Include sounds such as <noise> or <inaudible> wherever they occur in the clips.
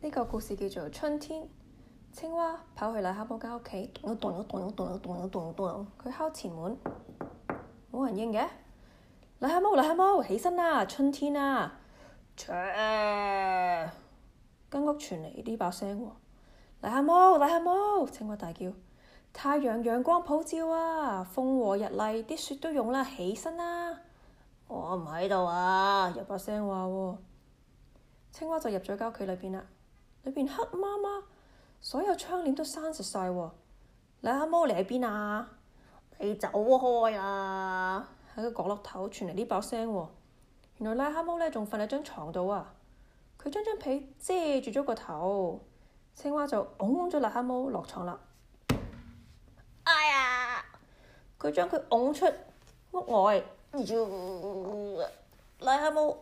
呢個故事叫做春天。青蛙跑去癩蛤蟆家屋企，咚有咚有咚有咚有咚咚佢敲前門，冇人應嘅。癩蛤蟆，癩蛤蟆，起身啦、啊！春天啦、啊！間、呃、屋傳嚟呢把聲喎。癩蛤蟆，癩蛤蟆，青蛙大叫：太陽陽光普照啊，風和日麗，啲雪都融啦，起身啦！我唔喺度啊，入、啊、把聲話喎、啊。青蛙就入咗家屋企裏邊啦。裏邊黑麻麻，所有窗簾都閂實晒喎。癩蛤蟆，你喺邊啊？你走開啦、啊！喺個角落頭傳嚟呢把聲喎。原來癩蛤蟆咧仲瞓喺張床度啊。佢將張被遮住咗個頭。青蛙就拱咗癩蛤蟆落床啦。哎呀！佢將佢拱出屋外。癩蛤蟆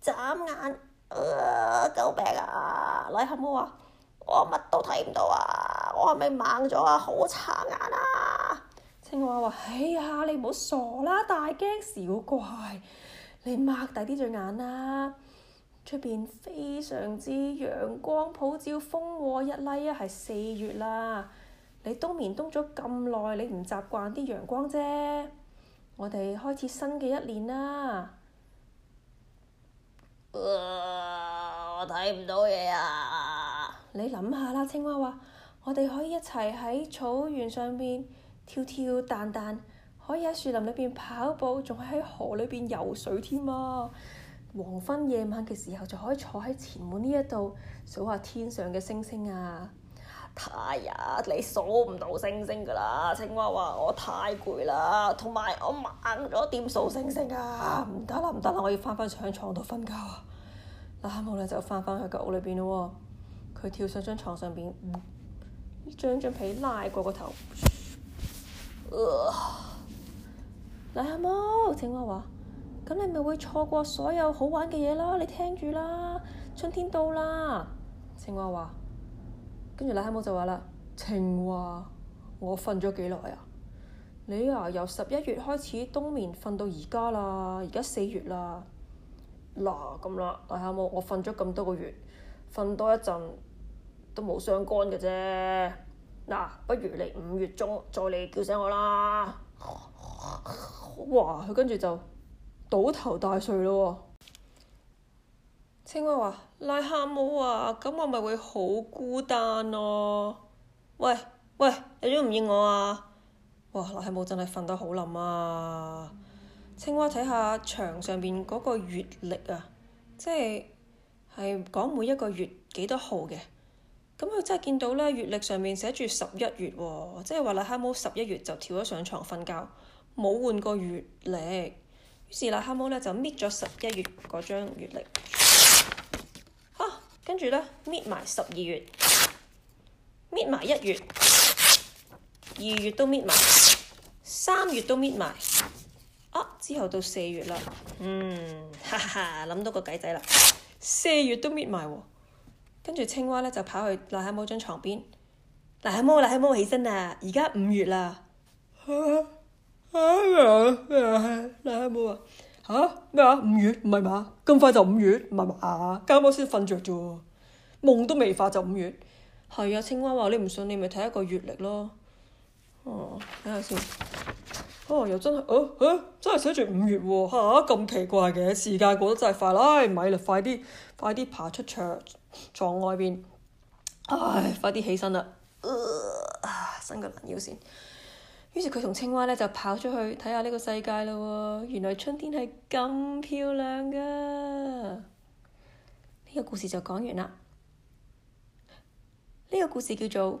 眨眼。啊、呃！救命啊！你係咪啊，我乜都睇唔到啊？我係咪盲咗啊？好慘眼啊！青蛙話：哎呀、啊，你唔好傻啦，大驚小怪。你擘大啲隻眼啦！出邊非常之陽光普照，風和日麗啊，係四、like、月啦。你冬眠冬咗咁耐，你唔習慣啲陽光啫。我哋開始新嘅一年啦！我睇唔到嘢啊！你諗下啦，青蛙話：我哋可以一齊喺草原上邊跳跳彈彈，可以喺樹林裏邊跑步，仲可以喺河裏邊游水添啊！黃昏夜晚嘅時候，就可以坐喺前門呢一度數下天上嘅星星啊！太、哎、呀，你數唔到星星噶啦！青蛙話：我太攰啦，同埋我慢咗點數星星啊！唔得啦，唔得啦，我要翻翻上床度瞓覺啊！癩蛤蟆就翻返去個屋裏邊咯，佢跳上張床上邊，將張被拉過個頭。癩蛤蟆，青蛙話：咁你咪會錯過所有好玩嘅嘢啦！你聽住啦，春天到啦。青蛙話，跟住癩蛤蟆就話啦：，青蛙，我瞓咗幾耐啊？你啊，由十一月開始冬眠，瞓到而家啦，而家四月啦。嗱咁啦，賴夏帽，我瞓咗咁多個月，瞓多一陣都冇相干嘅啫。嗱，不如你五月中再嚟叫醒我啦。哇！佢跟住就倒頭大睡咯喎。青蛙話：賴夏帽啊，咁我咪會好孤單咯、啊。喂喂，你都唔應我啊？哇！賴夏帽真係瞓得好冧啊！嗯青蛙睇下牆上面嗰個月曆啊，即係係講每一個月幾多號嘅。咁佢真係見到呢月曆上面寫住十一月喎，即係話啦，哈姆十一月就跳咗上床瞓覺，冇換過月曆。於是啦，哈姆呢就搣咗十一月嗰張月曆，啊，跟住呢，搣埋十二月，搣埋一月、二月都搣埋，三月都搣埋。之後到四月啦，嗯，哈哈哈，諗到個計仔啦，四月都搣埋喎，跟住青蛙咧就跑去賴喺某張床邊，賴喺某，賴喺某起身啊，而家五月啦，吓，吓咩啊？賴喺某啊？吓咩啊？五月唔係嘛？咁快就五月？唔係嘛？啱啱先瞓着咗？夢都未發就五月？係啊，青蛙話你唔信，你咪睇一個月曆咯。哦，睇下先。哦，又真係，哦，真係寫住五月喎嚇，咁、啊、奇怪嘅時間過得真係快啦！咪、哎、啦，快啲，快啲爬出桌牀外邊，唉、哎，快啲起身啦、呃啊，伸個懶腰先！於是佢同青蛙咧就跑出去睇下呢個世界啦喎。原來春天係咁漂亮噶。呢、這個故事就講完啦。呢、這個故事叫做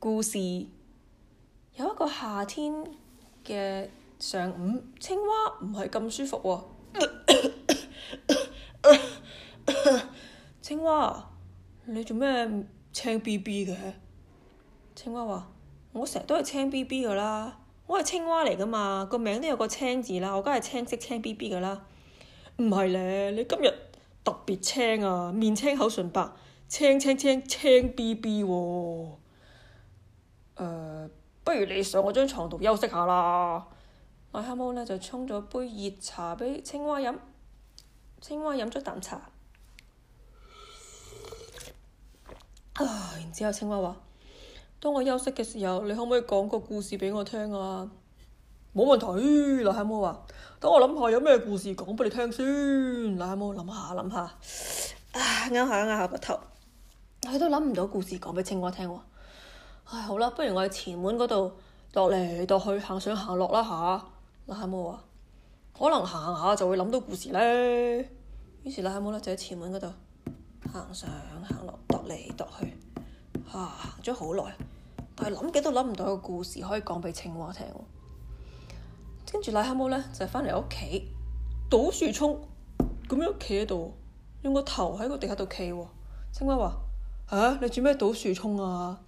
故事，有一個夏天。嘅上午，青蛙唔係咁舒服喎、啊。 <coughs> 青蛙，你做咩青 B B 嘅？青蛙話：我成日都係青 B B 噶啦，我係青蛙嚟噶嘛，個名都有個青字啦，我梗係青色青 B B 噶啦。唔係咧，你今日特別青啊，面青口唇白，青青青青 B B 喎。Uh 不如你上我張床度休息下啦。癩蛤蟆咧就沖咗杯熱茶俾青蛙飲，青蛙飲咗啖茶。啊，然之後青蛙話：當我休息嘅時候，你可唔可以講個故事俾我聽啊？冇問題，癩蛤蟆話：等我諗下有咩故事講俾你聽先。癩蛤蟆諗下諗下，唉，啱下啱下個頭，佢都諗唔到故事講俾青蛙聽喎。唉、哎，好啦，不如我喺前門嗰度踱嚟踱去，行上行落啦吓，癩蛤蟆啊，可能行下就會諗到故事咧。於是癩蛤蟆咧就喺前門嗰度行上行落，踱嚟踱去啊，行咗好耐，但係諗幾都諗唔到一個故事可以講俾青蛙聽。跟住癩蛤蟆咧就翻嚟屋企倒樹衝咁樣企喺度，用個頭喺個地下度企喎。青蛙話嚇你做咩倒樹衝啊？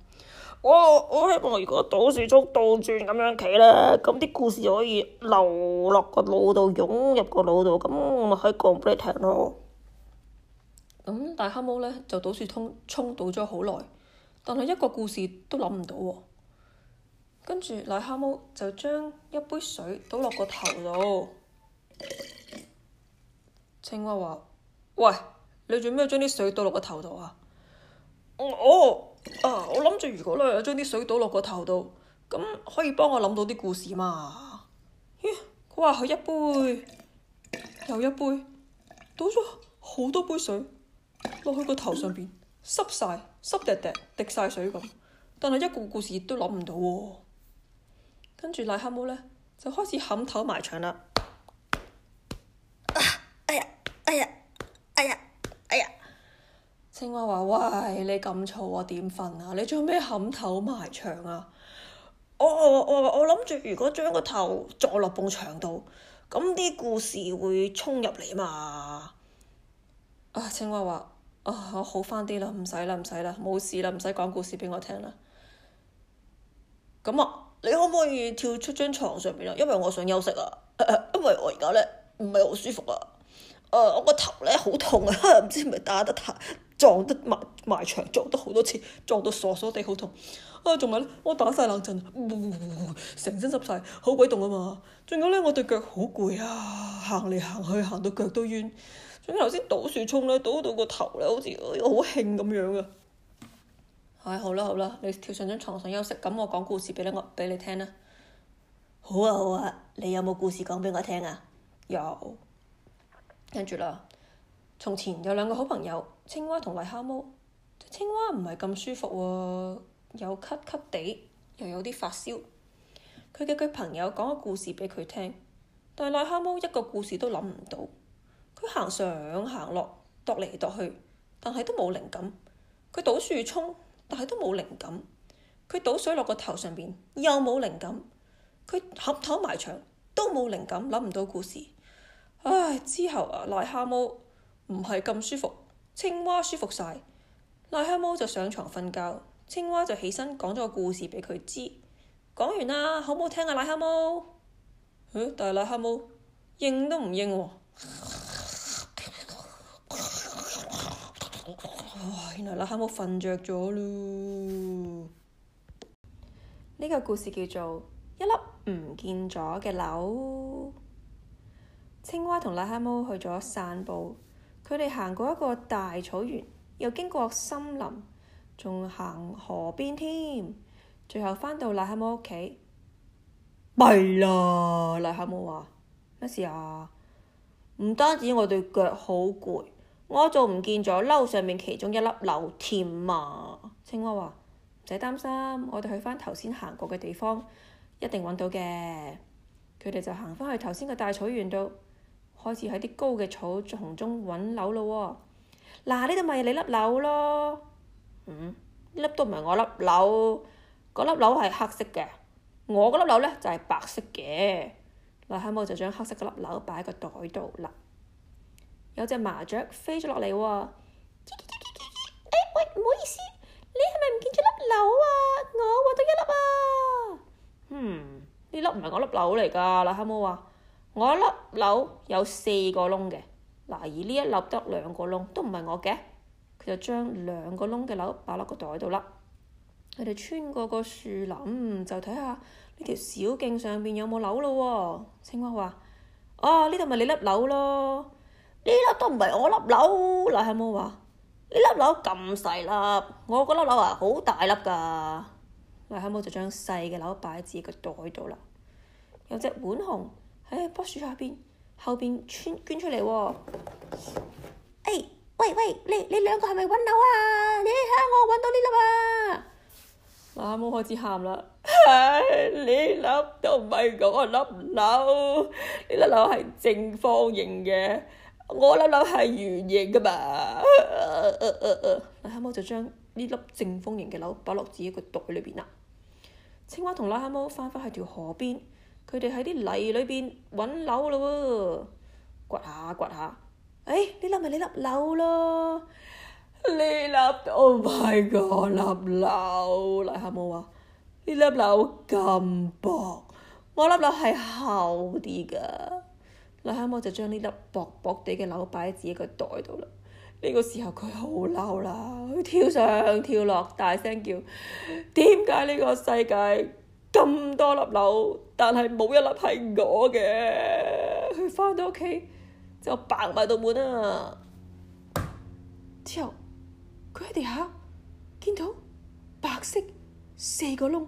我我希望如果倒水衝倒，倒轉咁樣企啦，咁啲故事可以流落個腦度，湧入個腦度，咁我咪去講俾你聽咯。咁、嗯、大蛤蟆咧就倒水衝衝倒咗好耐，但係一個故事都諗唔到喎、哦。跟住大蛤蟆就將一杯水倒落個頭度。青蛙話：喂，你做咩將啲水倒落個頭度啊？我啊，我諗住如果咧將啲水倒落個頭度，咁可以幫我諗到啲故事嘛？咦，佢話佢一杯又一杯，倒咗好多杯水落去個頭上邊，濕晒，濕滴滴，滴晒水咁，但係一個故事都諗唔到喎。跟住賴黑毛咧，就開始冚頭埋牆啦。青蛙話：喂，你咁嘈，我點瞓啊？你做咩冚頭埋牆啊？哦哦哦、我我我我諗住，如果將個頭撞落埲牆度，咁啲故事會衝入嚟嘛？啊！青蛙話：啊、哦，我好翻啲啦，唔使啦，唔使啦，冇事啦，唔使講故事俾我聽啦。咁啊，你可唔可以跳出張床上邊啊？因為我想休息啊，呃、因為我而家咧唔係好舒服啊。呃、我個頭咧好痛啊，唔知係咪打得太～撞得埋埋牆，撞得好多次，撞到傻傻地好痛。啊，仲有呢，我打晒冷震，呃、成身濕晒，好鬼凍啊嘛！仲有呢，我對腳好攰啊，行嚟行去，行到腳都軟。仲有頭先倒樹衝呢，倒到個頭呢，好似好興咁樣啊。唉、哎，好啦好啦，你跳上張床上休息，咁我講故事畀你，我俾你聽啦。好啊好啊，你有冇故事講畀我聽啊？有。跟住啦，從前有兩個好朋友。青蛙同癩蛤蟆，青蛙唔係咁舒服喎、啊，又有咳咳地，又有啲發燒。佢嘅佢朋友講個故事俾佢聽，但係癩蛤蟆一個故事都諗唔到。佢行上行落，踱嚟踱去，但係都冇靈感。佢倒樹衝，但係都冇靈感。佢倒水落個頭上邊，又冇靈感。佢合頭埋牆，都冇靈感，諗唔到故事。唉，之後啊，癩蛤蟆唔係咁舒服。青蛙舒服晒，癩蛤蟆就上床瞓覺。青蛙就起身講咗個故事俾佢知，講完啦，好唔好聽啊，癩蛤蟆？誒，但係癩蛤蟆應都唔應喎。哇！原來癩蛤蟆瞓着咗啦。呢個故事叫做一粒唔見咗嘅鈕。青蛙同癩蛤蟆去咗散步。佢哋行過一個大草原，又經過森林，仲行河邊添，最後返到癩蛤蟆屋企，弊啦！癩蛤蟆話：咩事啊？唔單止我對腳好攰，我仲唔見咗褸上面其中一粒鈕添啊！青蛙話：唔使擔心，我哋去翻頭先行過嘅地方，一定揾到嘅。佢哋就行返去頭先個大草原度。開始喺啲高嘅草叢中揾柳咯，嗱，呢度咪你粒柳咯，嗯，呢粒都唔係我粒柳，嗰粒柳係黑色嘅，我粒柳咧就係白色嘅，癩蛤蟆就將黑色嗰粒柳擺喺個袋度啦。有隻麻雀飛咗落嚟喎，哎喂，唔好意思，你係咪唔見咗粒柳啊？我揾到一粒啊，嗯，呢粒唔係我粒柳嚟㗎，癩蛤蟆話。我粒鈕有四個窿嘅，嗱而呢一粒得兩個窿，都唔係我嘅。佢就將兩個窿嘅鈕擺落個袋度啦。佢哋 <laughs> 穿過個樹林，就睇下呢條小徑上邊有冇鈕咯。青蛙話：啊，呢度咪你粒鈕咯，呢粒都唔係我粒鈕。嗱，黑姆話：呢粒鈕咁細粒，我個粒鈕啊好大粒㗎。嗱，黑姆就將細嘅鈕擺喺自己個袋度啦。有隻浣熊。誒樖樹下邊，後邊穿捐出嚟喎！誒，喂，喂，你，你兩個係咪揾樓啊？你睇下我揾到呢粒啊！馬哈毛開始喊啦！係、哎，你粒都唔係個粒樓，呢粒樓係正方形嘅，我粒樓係圓形㗎嘛！呃、呃、呃、馬哈毛就將呢粒正方形嘅樓擺落自己個袋裏邊啦。青蛙同馬哈毛翻返去條河邊。佢哋喺啲泥裏邊揾樓咯喎，掘下掘下，誒呢粒咪呢粒樓咯，呢粒，oh my god，呢粒樓！嗱，癩蛤蟆話：呢粒樓咁薄，我粒樓係厚啲㗎。嗱，癩蛤蟆就將呢粒薄薄地嘅樓擺喺自己個袋度啦。呢個時候佢好嬲啦，佢跳上跳落，大聲叫：點解呢個世界？咁多粒樓，但係冇一粒係我嘅。佢返到屋企就白埋道門啊！之後佢喺地下見到白色四個窿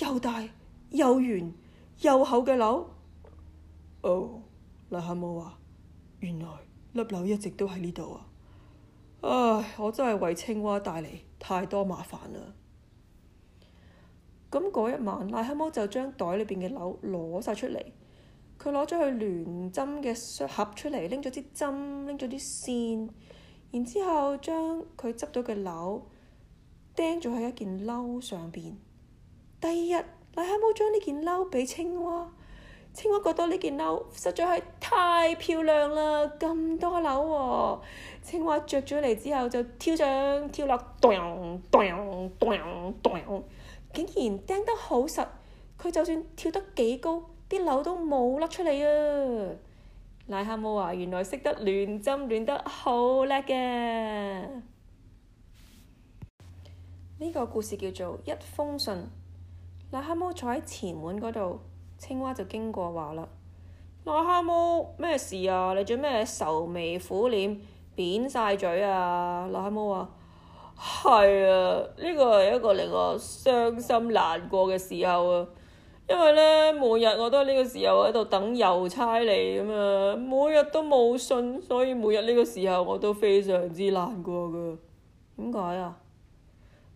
又大又圓又厚嘅樓。哦，癩蛤蟆啊？原來粒樓一直都喺呢度啊！唉，我真係為青蛙帶嚟太多麻煩啦！咁嗰一晚，癩蛤蟆就將袋裏邊嘅紐攞晒出嚟，佢攞咗去攣針嘅箱盒出嚟，拎咗支針，拎咗啲線，然之後將佢執到嘅紐釘咗喺一件褸上邊。第二日，癩蛤蟆將呢件褸俾青蛙，青蛙覺得呢件褸實在係太漂亮啦，咁多紐喎！啊，青蛙着咗嚟之後就跳上跳落，噹噹噹噹。呃呃呃呃呃竟然釘得好實，佢就算跳得幾高，啲樓都冇甩出嚟啊！癩蛤蟆話：原來識得亂針亂得好叻嘅。呢個故事叫做《一封信》。癩蛤蟆坐喺前門嗰度，青蛙就經過話啦：癩蛤蟆，咩事啊？你做咩愁眉苦臉、扁晒嘴啊？癩蛤蟆話。係啊，呢個係一個令我傷心難過嘅時候啊！因為咧，每日我都係呢個時候喺度等郵差嚟啊嘛，每日都冇信，所以每日呢個時候我都非常之難過噶。點解啊？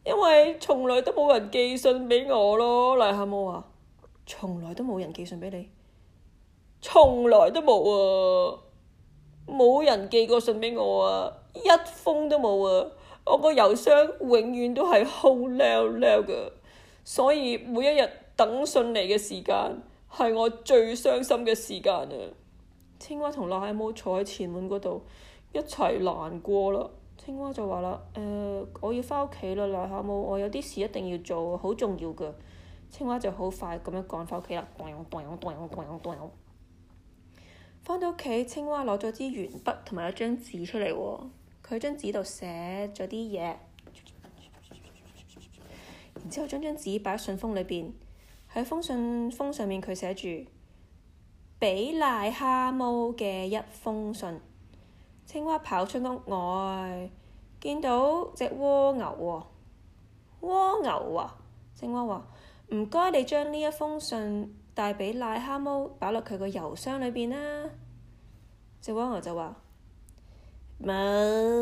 因為從來都冇人寄信畀我咯，嚟下冇啊，從來都冇人寄信畀你，從來都冇啊，冇人寄過信畀我啊，一封都冇啊！我個郵箱永遠都係好溜溜嘅，所以每一日等信嚟嘅時間係我最傷心嘅時間啊！青蛙同癩蛤蟆坐喺前門嗰度一齊難過啦。青蛙就話啦：誒，我要返屋企啦，癩蛤蟆，我有啲事一定要做，好重要嘅。青蛙就好快咁樣趕返屋企啦，噹噹噹噹噹。返到屋企，青蛙攞咗支鉛筆同埋一張紙出嚟喎。佢張紙度寫咗啲嘢，然之後將張紙擺喺信封裏邊。喺封信封上面佢寫住俾癩蛤蟆嘅一封信。青蛙跑出屋外，見到隻蝸牛喎、喔。蝸牛啊！青蛙話：唔該，你將呢一封信帶俾癩蛤蟆、啊，擺落佢個郵箱裏邊啦。隻蝸牛就話：冇。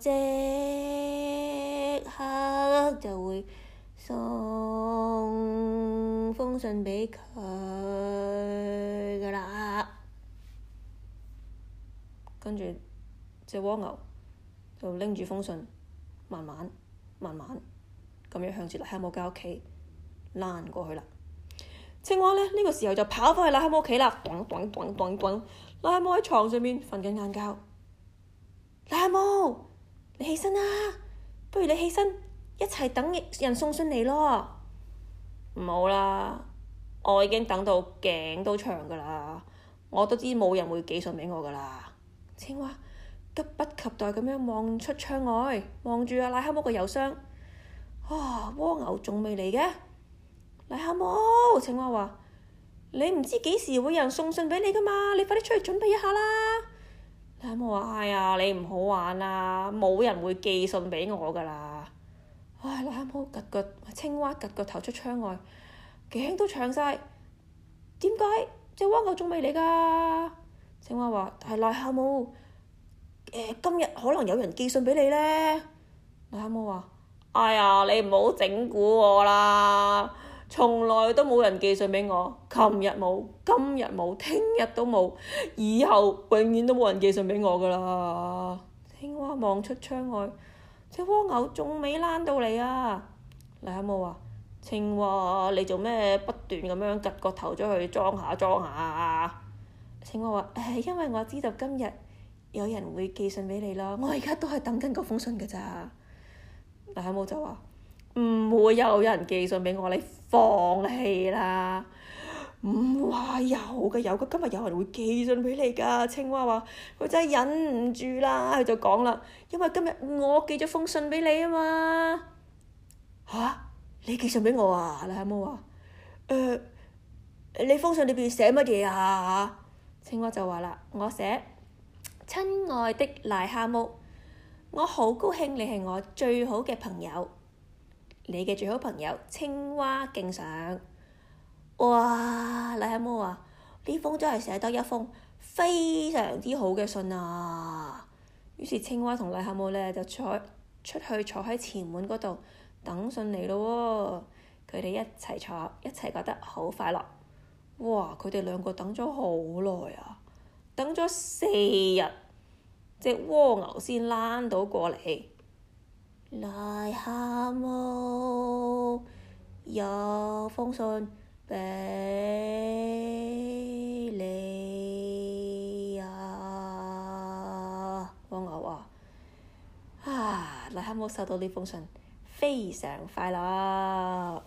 即刻就會送封信畀佢㗎啦，跟住隻蝸牛就拎住封信慢慢，慢慢慢慢咁樣向住癩蛤蟆家屋企躝過去啦。青蛙呢，呢、呢個時候就跑返去癩蛤蟆屋企啦，咚咚咚咚咚，癩蛤蟆喺床上面瞓緊眼覺，癩蛤蟆。你起身啦、啊，不如你起身一齊等人送信嚟咯。唔好啦，我已經等到頸都長噶啦，我都知冇人會寄信俾我噶啦。青蛙急不及待咁樣望出窗外，望住阿癩蛤蟆個郵箱。啊、哦，蝸牛仲未嚟嘅，癩蛤蟆，青蛙話：你唔知幾時會有人送信俾你噶嘛？你快啲出去準備一下啦！癩蛤蟆話：哎呀，你唔好玩啦，冇人會寄信畀我㗎啦。唉，癩蛤蟆趷腳青蛙趷腳頭出窗外，頸都長晒。點解隻蝸牛仲未嚟㗎？青蛙話：但係，癩蛤蟆今日可能有人寄信畀你咧。癩蛤蟆話：哎呀，你唔好整蠱我啦。從來都冇人寄信畀我，琴日冇，今日冇，聽日都冇，以後永遠都冇人寄信畀我㗎啦！青蛙望出窗外，隻蝸牛仲未躝到你啊！癩蛤蟆話：青蛙，你做咩不斷咁樣擸個頭出去裝下裝下？青蛙話：唉，因為我知道今日有人會寄信俾你咯，我而家都係等緊嗰封信㗎咋。癩蛤蟆就話。唔會有人寄信俾我，你放棄啦！唔會有嘅，有嘅，今日有人會寄信俾你㗎。青蛙話：佢真係忍唔住啦，佢就講啦，因為今日我寄咗封信俾你啊嘛。嚇！你寄信俾我啊？癩蛤蟆話，誒，你封信裏邊寫乜嘢啊？嚇！青蛙就話啦：我寫親愛的癩蛤蟆，我好高興你係我最好嘅朋友。你嘅最好朋友青蛙敬上，哇！癩蛤蟆啊，呢封真係寫得一封非常之好嘅信啊！於是青蛙同癩蛤蟆咧就坐出去坐喺前門嗰度等信嚟咯喎，佢哋一齊坐一齊覺得好快樂。哇！佢哋兩個等咗好耐啊，等咗四日，隻蝸牛先爬到過嚟。癩蛤蟆，有封信畀你呀，啊，蝸牛啊！啊，癩蛤蟆收到呢封信，非常快樂。